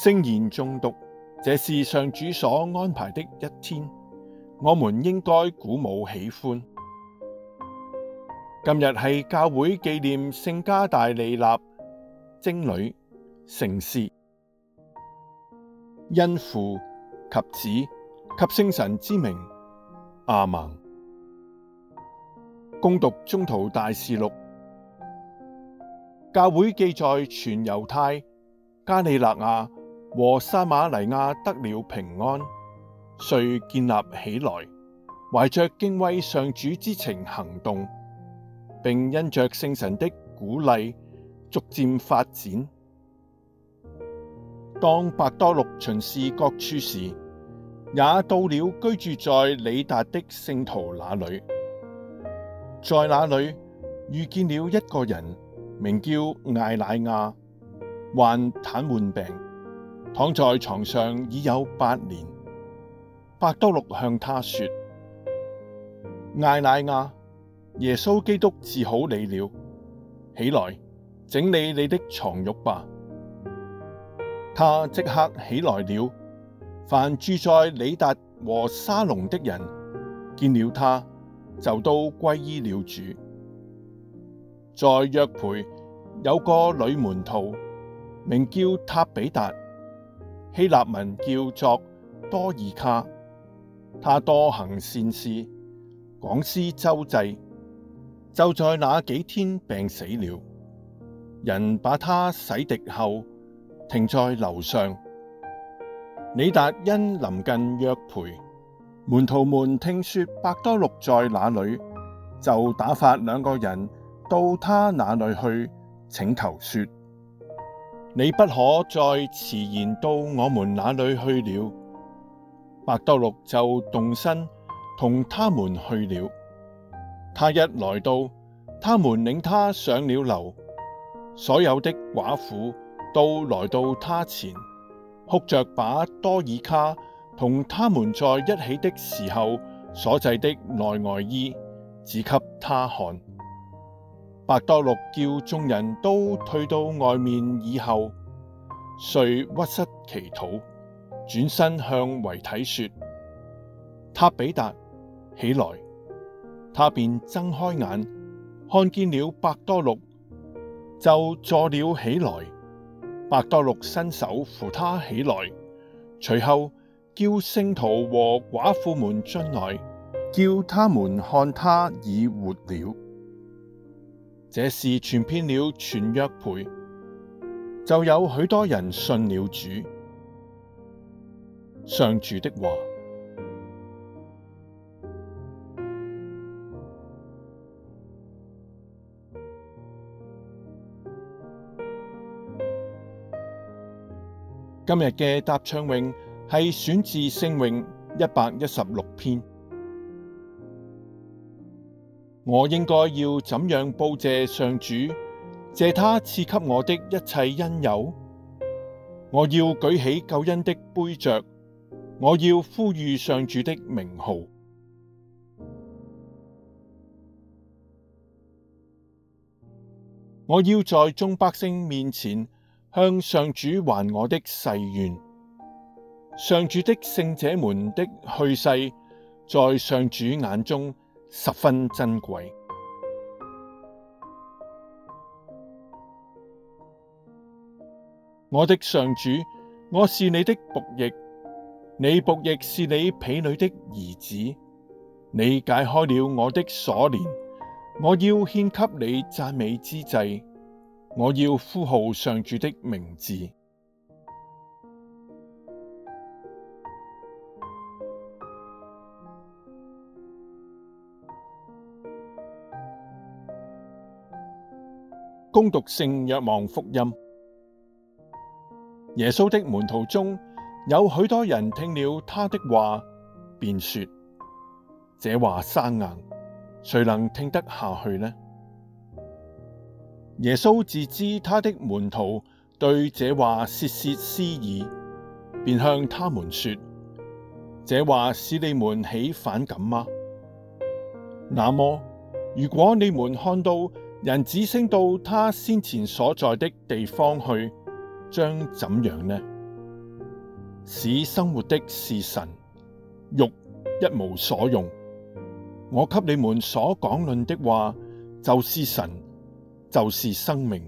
聖言誦讀，這是上主所安排的一天，我們應該鼓舞喜歡。今日係教會紀念聖加大利納、貞女聖師，因父及子及聖神之名，阿門。恭讀宗徒大事錄，教會既在全猶太加里肋亞。和撒瑪黎雅得了平安，遂建立起來，懷着敬畏上主之情行動，並因着聖神的鼓勵，逐漸發展。當伯多祿巡視各處時，也到了居住在里達的聖徒那裏，在那裏遇見了一個人，名叫艾乃阿，患癱瘓病。躺在床上已有八年。伯多祿向他說：“艾乃阿，耶穌基督治好你了，起來整理你的床褥吧。”他即刻起來了。凡住在里達和沙龍的人，見了他，就都歸依了主。在約培有個女門徒，名叫塔彼達。希臘文叫作多爾卡，她多行善事，廣施賙濟，就在那幾天病死了。人把她洗滌後，停在樓上。里達因臨近約培，門徒們聽說伯多祿在那裏，就打發兩個人到他那裏去請求說。.你不可再遲延到我們那裏去了。伯多祿就動身同他們去了。他一來到，他們領他上了樓，所有的寡婦都來到他前，哭着把多爾卡同他們在一起的時候所製的內外衣，指給他看。伯多祿叫眾人都退到外面以後，遂屈膝祈禱，轉身向遺體說：塔彼達起來！他便睜開眼，看見了伯多祿，就坐了起來。伯多祿伸手扶他起來，隨後叫聖徒和寡婦們進來，叫他們看他已活了。這事傳遍了全約培，就有許多人信了主。上主的話，今日嘅答唱詠係選自聖詠一百一十六篇。我應該要怎樣報謝上主？謝他賜給我的一切恩佑。我要舉起救恩的杯爵，我要呼籲上主的名號。我要在眾百姓面前，向上主還我的誓願。上主的聖者們的去世，在上主眼中，十分珍貴。我的上主，我是你的僕役，你僕役是你婢女的兒子，你解開了我的鎖鏈，我要獻給你讚美之祭，我要呼號上主的名字。恭讀聖若望福音，耶穌的門徒中有許多人聽了他的話，便說：這話生硬，誰能聽得下去呢？耶穌自知他的門徒對這話竊竊私議，便向他們說：這話使你們起反感嗎？那麼，如果你們看到，人子升到他先前所在的地方去，將怎樣呢？使生活的是神，肉一無所用。我給你們所講論的話，就是神，就是生命。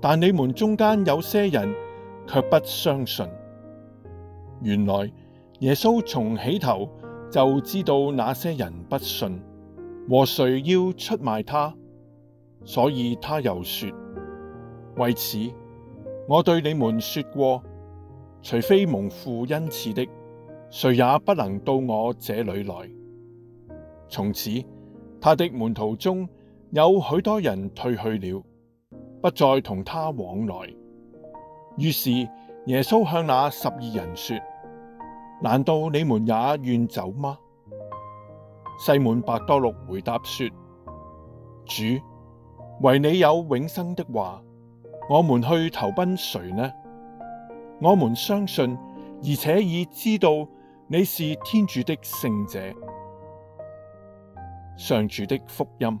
但你們中間有些人卻不相信。原來耶穌從起頭就知道那些人不信，和誰要出賣他。所以他又說：為此，我對你們說過，除非蒙父恩賜的，誰也不能到我這裏來。從此，他的門徒中有許多人退去了，不再同他往來。於是耶穌向那十二人說：難道你們也願走嗎？西滿伯多祿回答說：主。惟你有永生的話，我們去投奔誰呢？我們相信，而且已知道你是天主的聖者，上主的福音。